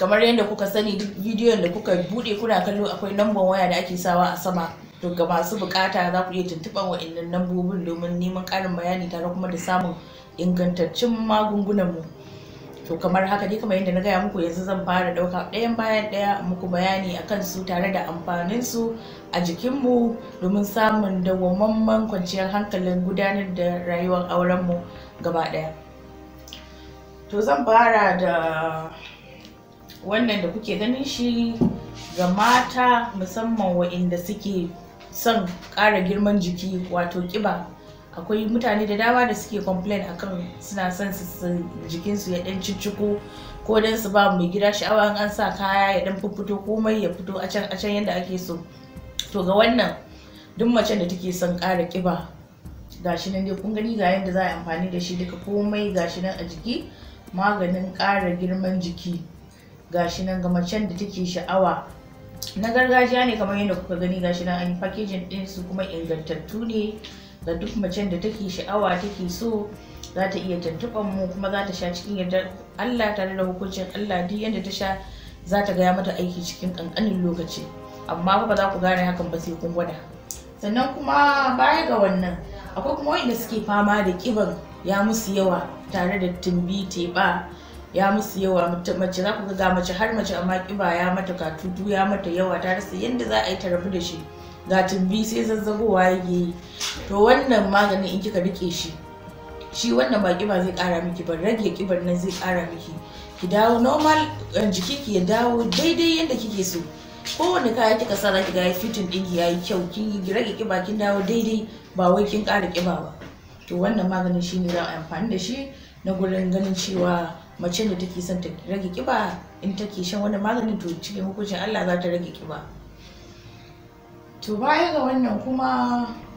kamar yadda kuka sani duk bidiyon da kuka bude kuna kallo akwai lambar waya da ake sawa a sama to ga masu bukata za ku iya tuntuɓar wa'annan lambobin domin neman ƙarin bayani tare kuma da samun ingantaccen magungunanmu to kamar haka dai kamar yadda na gaya muku yanzu zan fara ɗauka ɗayan bayan ɗaya muku bayani akan su tare da amfanin su a jikinmu domin samun dawwamamman kwanciyar hankalin gudanar da rayuwar aurenmu gaba ɗaya to zan fara da wannan da kuke ganin shi ga mata musamman wa'inda suke son ƙara girman jiki wato ƙiba akwai mutane da dama da suke complain akan suna son su jikinsu ya dan cicciko ko dan su ba mai gida sha'awa an sa kaya ya dan fito komai ya fito a can a can yadda ake so to ga wannan duk macen da take son ƙara ƙiba gashi nan dai kun gani ga yadda za a amfani da shi duka komai gashi nan a jiki maganin ƙara girman jiki gashi nan ga macen da take sha'awa na gargajiya ne kamar yadda kuka gani gashi nan an yi packaging din su kuma ingantattu ne ga duk macen da take sha'awa take so za ta iya tuntuɓar mu kuma za ta sha cikin yadda Allah tare da hukuncin Allah duk yadda ta sha za ta gaya mata aiki cikin ƙanƙanin lokaci amma ba za ku gane hakan ba sai kun gwada sannan kuma baya ga wannan akwai kuma wanda suke fama da ƙiban ya musu yawa tare da tumbi teɓa ya musu yawa mace za ku ga mace har mace amma kiba ya mata katutu ya mata yawa ta rasa yadda za a yi ta rabu da shi ga tumbi sai zazzagowa yake yi to wannan maganin in kika rike shi shi wannan ba kiba zai kara miki ba rage kibar nan zai kara miki ki dawo normal eh, jiki ki ya dawo daidai yadda kike so kowane kaya kika sa za ki ga fitin ɗin ya yi kyau kin rage kiba kin dawo daidai ba wai kin kara kiba ba to wannan maganin shine za a amfani da shi na gurin ganin cewa mace da take son ta rage kiba in take shan wani maganin to cikin hukuncin Allah za ta rage kiba to baya ga wannan kuma